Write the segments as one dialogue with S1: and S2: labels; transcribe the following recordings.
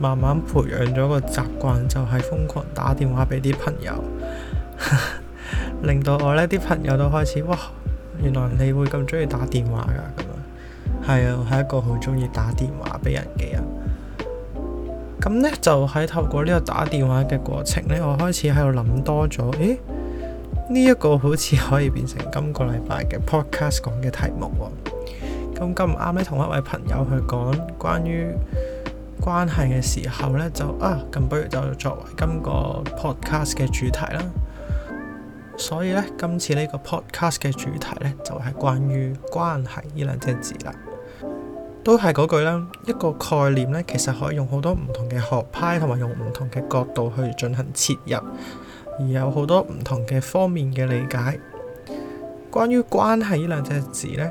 S1: 慢慢培養咗個習慣，就係、是、瘋狂打電話俾啲朋友， 令到我呢啲朋友都開始哇，原來你會咁中意打電話噶咁樣！係啊，我係一個好中意打電話俾人嘅人。咁呢，就喺、是、透過呢個打電話嘅過程呢，我開始喺度諗多咗，誒呢一個好似可以變成今個禮拜嘅 podcast 講嘅題目喎。咁咁啱呢，同一位朋友去講關於關係嘅時候呢，就啊，咁不如就作為今個 podcast 嘅主題啦。所以呢，今次呢個 podcast 嘅主題呢，就係關於關係呢兩隻字啦。都係嗰句啦，一個概念呢，其實可以用好多唔同嘅學派同埋用唔同嘅角度去進行切入，而有好多唔同嘅方面嘅理解。關於關係呢兩隻字呢。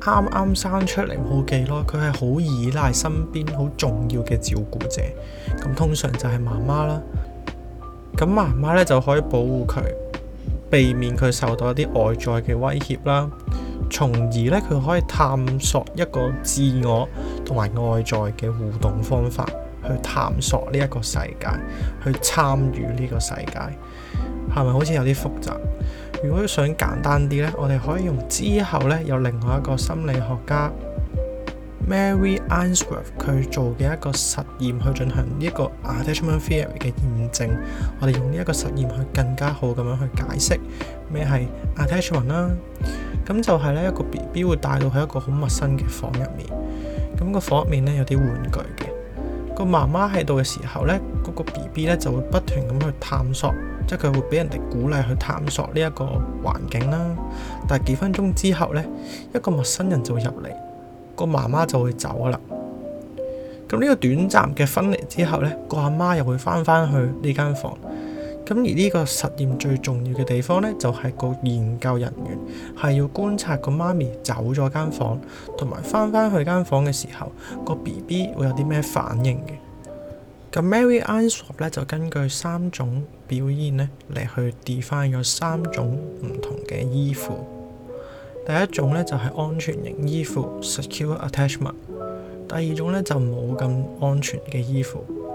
S1: 啱啱生出嚟冇幾耐，佢係好依賴身邊好重要嘅照顧者，咁通常就係媽媽啦。咁媽媽咧就可以保護佢，避免佢受到一啲外在嘅威脅啦，從而咧佢可以探索一個自我同埋外在嘅互動方法，去探索呢一個世界，去參與呢個世界，係咪好似有啲複雜？如果想簡單啲咧，我哋可以用之後咧有另外一個心理學家 Mary Ainsworth 佢做嘅一個實驗去進行呢一個 attachment theory 嘅驗證。我哋用呢一個實驗去更加好咁樣去解釋咩係 attachment 啦。咁就係咧一個 B B 會帶到去一個好陌生嘅房入面，咁個房入面呢，有啲玩具嘅。個媽媽喺度嘅時候呢，嗰、嗰個 B B 咧就會不斷咁去探索，即係佢會俾人哋鼓勵去探索呢一個環境啦。但係幾分鐘之後呢，一個陌生人就會入嚟，個媽媽就會走㗎啦。咁呢個短暫嘅分離之後呢，個阿媽又會翻返去呢間房。咁而呢個實驗最重要嘅地方呢，就係、是、個研究人員係要觀察個媽咪走咗間房，同埋翻返去間房嘅時候，個 B B 會有啲咩反應嘅。咁 Mary Ainsworth 咧就根據三種表現咧嚟去 define 咗三種唔同嘅衣服。第一種呢，就係、是、安全型衣服 s e c u r e attachment），第二種呢，就冇咁安全嘅衣服。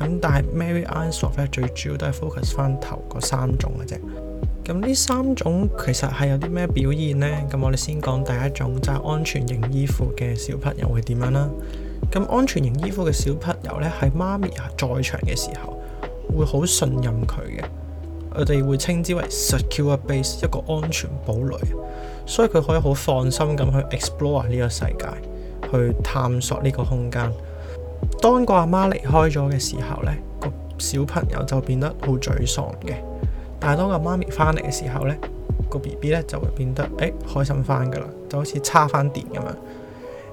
S1: 咁但係 Mary Ainsworth 咧，最主要都係 focus 翻頭嗰三種嘅啫。咁呢三種其實係有啲咩表現呢？咁我哋先講第一種，就係、是、安全型依附嘅小朋友會點樣啦。咁安全型依附嘅小朋友咧，喺媽咪啊在場嘅時候，會好信任佢嘅。我哋會稱之為 secure base，一個安全堡壘，所以佢可以好放心咁去 explore 呢個世界，去探索呢個空間。當個阿媽離開咗嘅時候呢，個小朋友就變得好沮喪嘅。但係當個媽咪翻嚟嘅時候呢個 B B 咧就會變得誒開心翻噶啦，就好似叉翻電咁樣。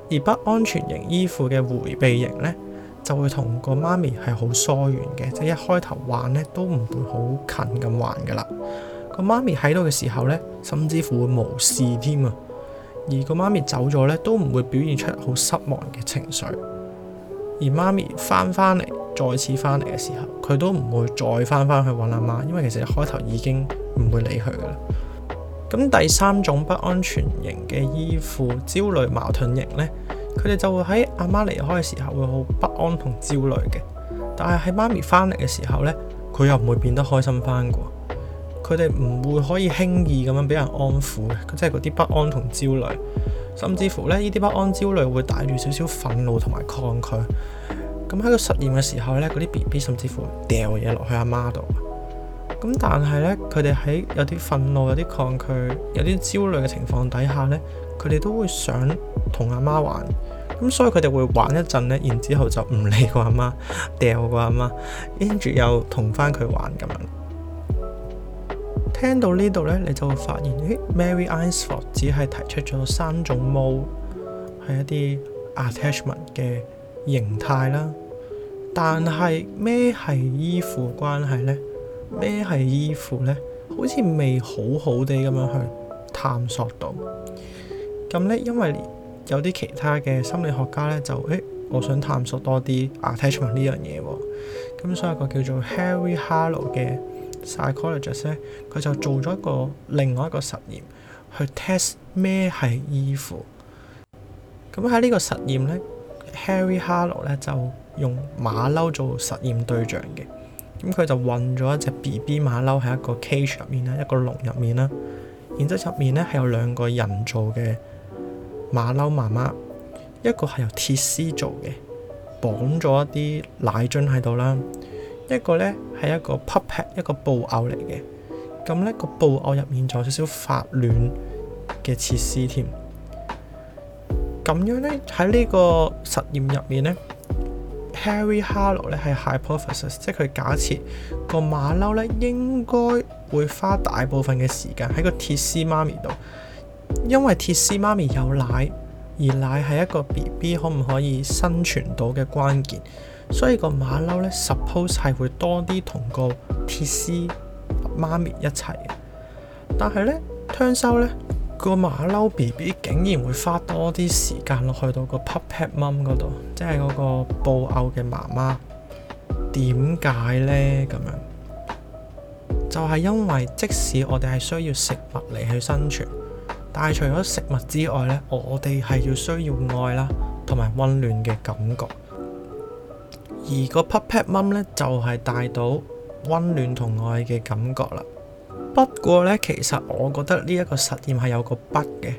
S1: 而不安全型依附嘅回避型呢，就會同個媽咪係好疏遠嘅，即係一開頭玩呢都唔會好近咁玩噶啦。個媽咪喺度嘅時候呢，甚至乎會無視添啊。而個媽咪走咗呢，都唔會表現出好失望嘅情緒。而媽咪翻返嚟，再次翻嚟嘅時候，佢都唔會再翻返去揾阿媽，媽，因為其實一開頭已經唔會理佢嘅啦。咁第三種不安全型嘅依附焦慮矛盾型呢，佢哋就會喺阿媽，媽離開嘅時候會好不安同焦慮嘅，但係喺媽咪翻嚟嘅時候呢，佢又唔會變得開心翻過。佢哋唔會可以輕易咁樣俾人安撫嘅，即係嗰啲不安同焦慮。甚至乎呢，依啲不安、焦慮會帶住少少憤怒同埋抗拒。咁喺個實驗嘅時候呢，嗰啲 BB 甚至乎掉嘢落去阿媽度。咁但係呢，佢哋喺有啲憤怒、有啲抗拒、有啲焦慮嘅情況底下呢，佢哋都會想同阿媽玩。咁所以佢哋會玩一陣呢，然之後就唔理個阿媽，掉個阿媽，跟住又同翻佢玩咁樣。聽到呢度咧，你就會發現，誒 Mary Ainsworth 只係提出咗三種毛係一啲 attachment 嘅形態啦，但係咩係依附關係呢？咩係依附呢？好似未好好地咁樣去探索到。咁咧，因為有啲其他嘅心理學家咧，就誒我想探索多啲 attachment 呢樣嘢喎。咁所以一個叫做 Harry Harlow 嘅。Psychologist 咧，佢就做咗一個另外一個實驗去 test 咩係依附。咁喺呢個實驗咧 ，Harry Harlow 咧就用馬騮做實驗對象嘅。咁佢就混咗一隻 BB 馬騮喺一個 cage 入面啦，一個籠入面啦。然之後入面咧係有兩個人做嘅馬騮媽媽，一個係由鐵絲做嘅，綁咗一啲奶樽喺度啦。一個咧係一個 puppet，一個布偶嚟嘅。咁、嗯、咧、這個布偶入面仲有少少發暖嘅設施添。咁樣咧喺呢個實驗入面咧，Harry Harlow 咧係 hypothesis，即係佢假設個馬騮咧應該會花大部分嘅時間喺個鐵絲媽咪度，因為鐵絲媽咪有奶，而奶係一個 B B 可唔可以生存到嘅關鍵。所以個馬騮咧，suppose 係會多啲同個鐵絲媽咪一齊。但係咧，聽收咧、個馬騮 B B 竟然會花多啲時間落去到個 puppet mum 嗰度，即係嗰個布偶嘅媽媽。點解咧咁樣？就係、是、因為即使我哋係需要食物嚟去生存，但係除咗食物之外咧，我哋係要需要愛啦，同埋溫暖嘅感覺。而個 puppet mom 咧就係、是、帶到温暖同愛嘅感覺啦。不過咧，其實我覺得呢一個實驗係有個 but 嘅，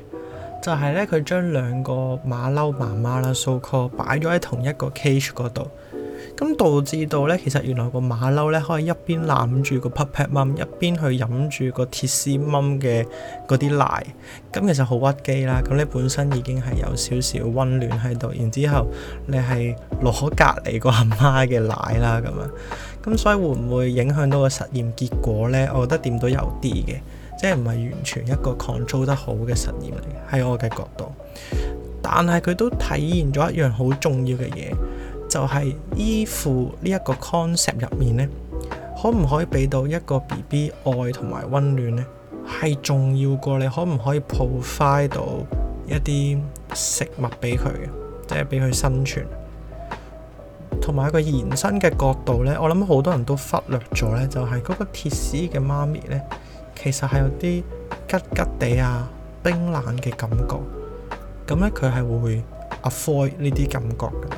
S1: 就係咧佢將兩個馬騮媽媽啦 so-called 擺咗喺同一個 cage 嗰度。咁導致到咧，其實原來個馬騮咧可以一邊攬住個 puppet mum，一邊去飲住個鐵絲 mum 嘅嗰啲奶，咁其實好屈機啦。咁你本身已經係有少少温暖喺度，然之後你係攞隔離個阿媽嘅奶啦，咁樣，咁所以會唔會影響到個實驗結果咧？我覺得掂到有啲嘅，即係唔係完全一個 control 得好嘅實驗嚟嘅，喺我嘅角度。但係佢都體現咗一樣好重要嘅嘢。就係依附呢一個 concept 入面，呢可唔可以俾到一個 B B 愛同埋温暖呢，係重要過你可唔可以 provide 到一啲食物俾佢，即係俾佢生存。同埋一個延伸嘅角度呢，我諗好多人都忽略咗呢，就係嗰個鐵絲嘅媽咪呢，其實係有啲吉吉地啊，冰冷嘅感覺。咁呢，佢係會 avoid 呢啲感覺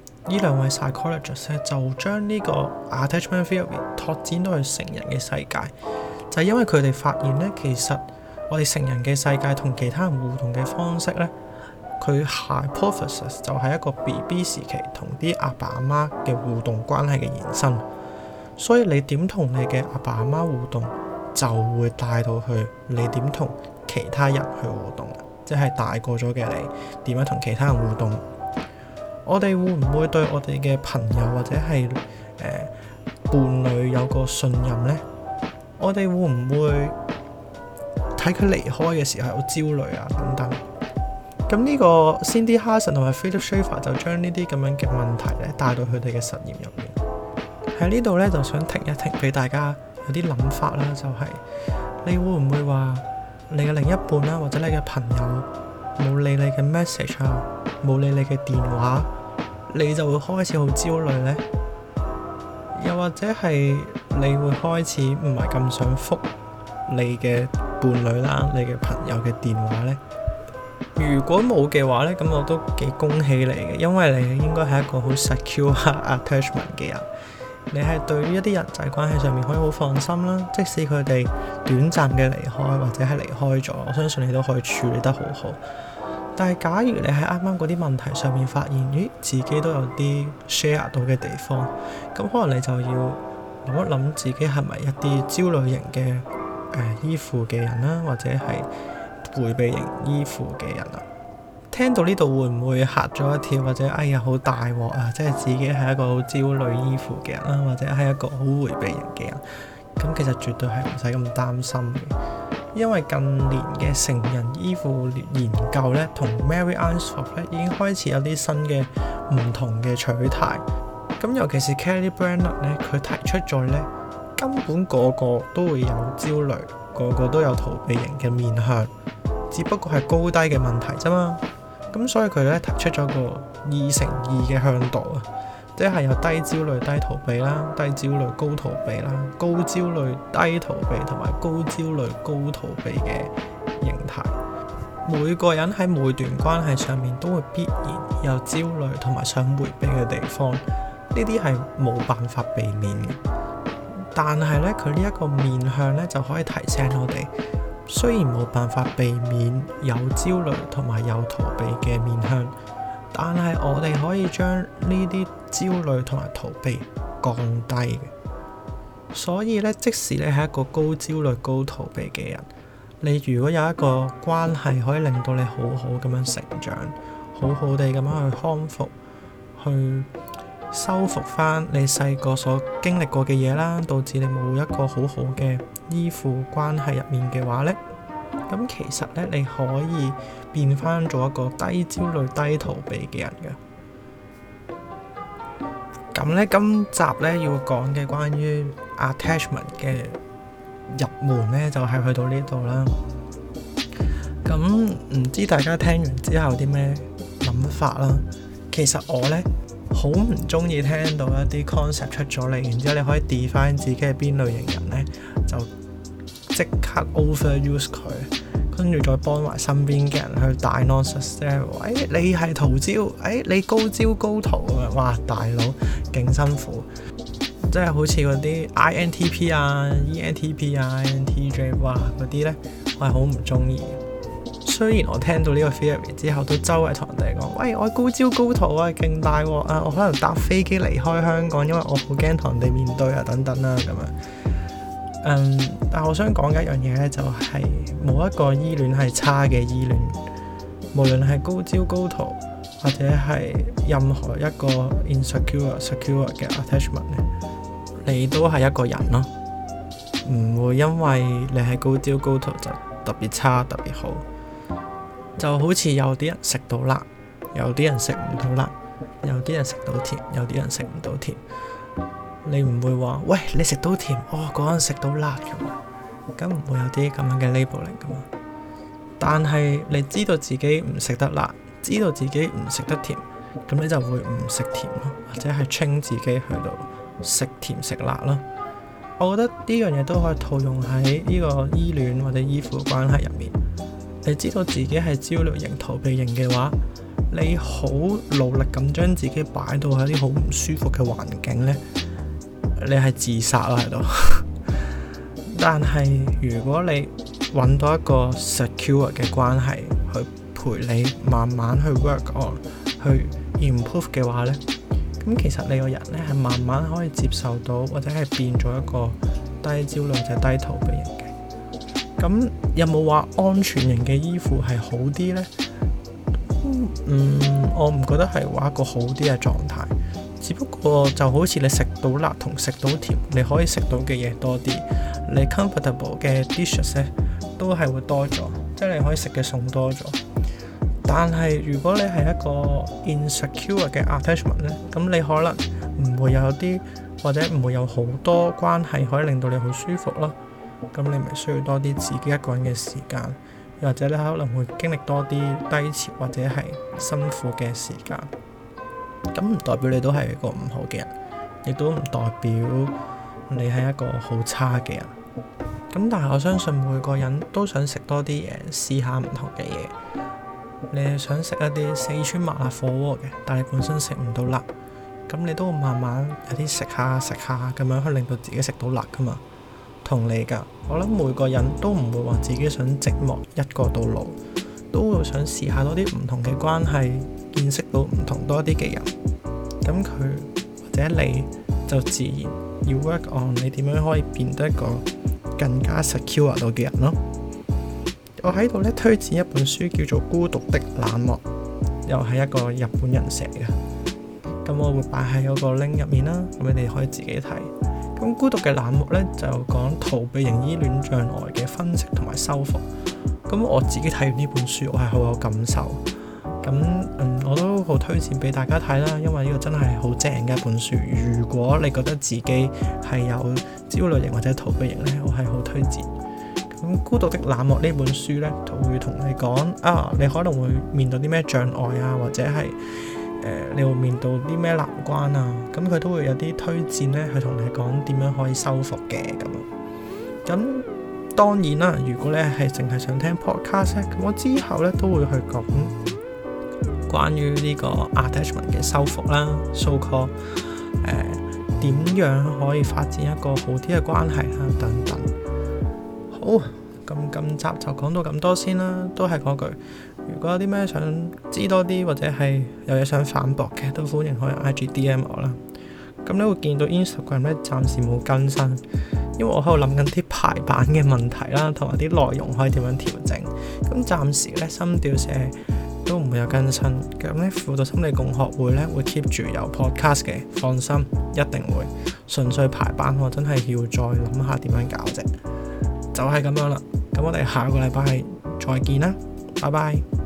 S1: 呢兩位 psychologists 就將呢個 attachment theory 拓展到去成人嘅世界，就係因為佢哋發現咧，其實我哋成人嘅世界同其他人互動嘅方式咧，佢 hypothesis 就係一個 BB 時期同啲阿爸阿媽嘅互動關係嘅延伸，所以你點同你嘅阿爸阿媽互動，就會帶到去你點同其他人去互動，即係大個咗嘅你點樣同其他人互動。我哋會唔會對我哋嘅朋友或者係誒、呃、伴侶有個信任呢？我哋會唔會睇佢離開嘅時候有焦慮啊等等？咁呢個 Cindy Hazan 同埋 Philip Shaver 就將呢啲咁樣嘅問題咧帶到佢哋嘅實驗入面。喺呢度咧就想停一停，俾大家有啲諗法啦，就係、是、你會唔會話你嘅另一半啦，或者你嘅朋友？冇理你嘅 message 啊，冇理你嘅電話，你就會開始好焦慮呢？又或者係你會開始唔係咁想復你嘅伴侶啦，你嘅朋友嘅電話呢？如果冇嘅話呢，咁我都幾恭喜你嘅，因為你應該係一個好 secure attachment 嘅人。你係對於一啲人際關係上面可以好放心啦，即使佢哋短暫嘅離開或者係離開咗，我相信你都可以處理得好好。但係，假如你喺啱啱嗰啲問題上面發現，咦，自己都有啲 share 到嘅地方，咁可能你就要諗一諗自己係咪一啲焦慮型嘅誒依附嘅人啦、啊，或者係迴避型依附嘅人啦、啊。聽到呢度會唔會嚇咗一跳，或者哎呀好大鑊啊！即係自己係一個好焦慮依附嘅人啦、啊，或者係一個好迴避型嘅人。咁其實絕對係唔使咁擔心嘅。因為近年嘅成人依附研究咧，同 Mary Ainsworth 咧已經開始有啲新嘅唔同嘅取態。咁尤其是 Kelly Brennan 咧，佢提出咗咧，根本個個都會有焦慮，個個都有逃避型嘅面向，只不過係高低嘅問題啫嘛。咁所以佢咧提出咗個二乘二嘅向度啊。即係有低焦慮、低逃避啦，低焦慮，高逃避啦，高焦慮，低逃避同埋高焦慮，高逃避嘅形態。每個人喺每段關係上面都會必然有焦慮同埋想回避嘅地方，呢啲係冇辦法避免嘅。但係咧，佢呢一個面向咧就可以提醒我哋。雖然冇辦法避免有焦慮同埋有逃避嘅面向。但係我哋可以將呢啲焦慮同埋逃避降低嘅，所以咧，即使你係一個高焦慮、高逃避嘅人，你如果有一個關係可以令到你好好咁樣成長，好好地咁樣去康復、去修復返你細個所經歷過嘅嘢啦，導致你冇一個好好嘅依附關係入面嘅話咧。咁其實咧，你可以變翻做一個低焦慮、低逃避嘅人嘅。咁咧，今集咧要講嘅關於 attachment 嘅入門咧，就係去到呢度啦。咁唔知大家聽完之後有啲咩諗法啦？其實我咧好唔中意聽到一啲 concept 出咗嚟，然之後你可以 define 自己係邊類型人咧，就即刻 overuse 佢。跟住再幫埋身邊嘅人去帶 non sustainable 哎，你係徒招，哎，你高招高徒啊，哇，大佬勁辛苦，即係好似嗰啲 INTP 啊、ENTP 啊、INTJ 哇、啊、嗰啲呢。我係好唔中意。雖然我聽到呢個 theory 之後，都周圍同人哋講，喂，我高招高徒啊，勁大鑊啊，我可能搭飛機離開香港，因為我好驚同人哋面對啊，等等啦咁啊。嗯，um, 但我想講嘅一樣嘢咧，就係冇一個依戀係差嘅依戀，無論係高焦高逃或者係任何一個 insecure secure 嘅 attachment 咧，你都係一個人咯，唔會因為你係高焦高逃就特別差特別好，就好似有啲人食到辣，有啲人食唔到辣，有啲人食到甜，有啲人食唔到甜。你唔會話，喂，你食到甜，哦，嗰陣食到辣嘅嘛，咁唔會有啲咁樣嘅 labelling 嘅嘛。但係你知道自己唔食得辣，知道自己唔食得甜，咁你就會唔食甜咯，或者係稱自己去到「食甜食辣」咯。我覺得呢樣嘢都可以套用喺呢個依戀或者依附關係入面。你知道自己係焦慮型逃避型嘅話，你好努力咁將自己擺到喺啲好唔舒服嘅環境呢。你係自殺咯喺度， 但係如果你揾到一個 secure 嘅關係去陪你慢慢去 work on，去 improve 嘅話呢，咁其實你個人呢，係慢慢可以接受到，或者係變咗一個低焦慮、就低逃避型嘅人嘅。咁有冇話安全型嘅依附係好啲呢？嗯，我唔覺得係話一個好啲嘅狀態。只不過就好似你食到辣同食到甜，你可以食到嘅嘢多啲，你 comfortable 嘅 dishes 咧都係會多咗，即係你可以食嘅餸多咗。但係如果你係一個 insecure 嘅 attachment 咧，咁你可能唔會有啲或者唔會有好多關係可以令到你好舒服咯。咁你咪需要多啲自己一個人嘅時間，又或者你可能會經歷多啲低潮或者係辛苦嘅時間。咁唔代表你都係一個唔好嘅人，亦都唔代表你係一個好差嘅人。咁但係我相信每個人都想食多啲嘢，試下唔同嘅嘢。你係想食一啲四川麻辣火鍋嘅，但係本身食唔到辣，咁你都會慢慢有啲食下食下咁樣，去令到自己食到辣噶嘛。同你噶，我諗每個人都唔會話自己想寂寞一個到老，都會想試下多啲唔同嘅關係。見識到唔同多啲嘅人，咁佢或者你就自然要 work on 你點樣可以變得一個更加 secure 到嘅人咯。我喺度咧推薦一本書叫做《孤獨的冷漠》，又係一個日本人寫嘅。咁我會擺喺嗰個 link 入面啦，咁你哋可以自己睇。咁《孤獨嘅冷漠》咧就講逃避型依戀障礙嘅分析同埋修復。咁我自己睇完呢本書，我係好有感受。咁嗯，我都好推薦俾大家睇啦，因為呢個真係好正嘅一本書。如果你覺得自己係有焦慮型或者逃避型呢，我係好推薦。咁《孤獨的冷漠》呢本書呢，就會同你講啊，你可能會面對啲咩障礙啊，或者係誒、呃、你會面對啲咩難關啊。咁佢都會有啲推薦呢，去同你講點樣可以修復嘅咁。咁當然啦，如果呢係淨係想聽 podcast，咁我之後呢都會去講。關於呢個 attachment 嘅修復啦，so call 點樣可以發展一個好啲嘅關係啦，等等。好，咁今集就講到咁多先啦。都係嗰句，如果有啲咩想知多啲，或者係有嘢想反駁嘅，都歡迎可以 IGDM 我啦。咁你會見到 Instagram 咧暫時冇更新，因為我喺度諗緊啲排版嘅問題啦，同埋啲內容可以點樣調整。咁暫時咧心吊射，都唔會有更新，咁咧輔導心理共學會咧會 keep 住有 podcast 嘅，放心，一定會，純粹排版我真係要再諗下點樣搞啫，就係咁樣啦，咁我哋下個禮拜再見啦，拜拜。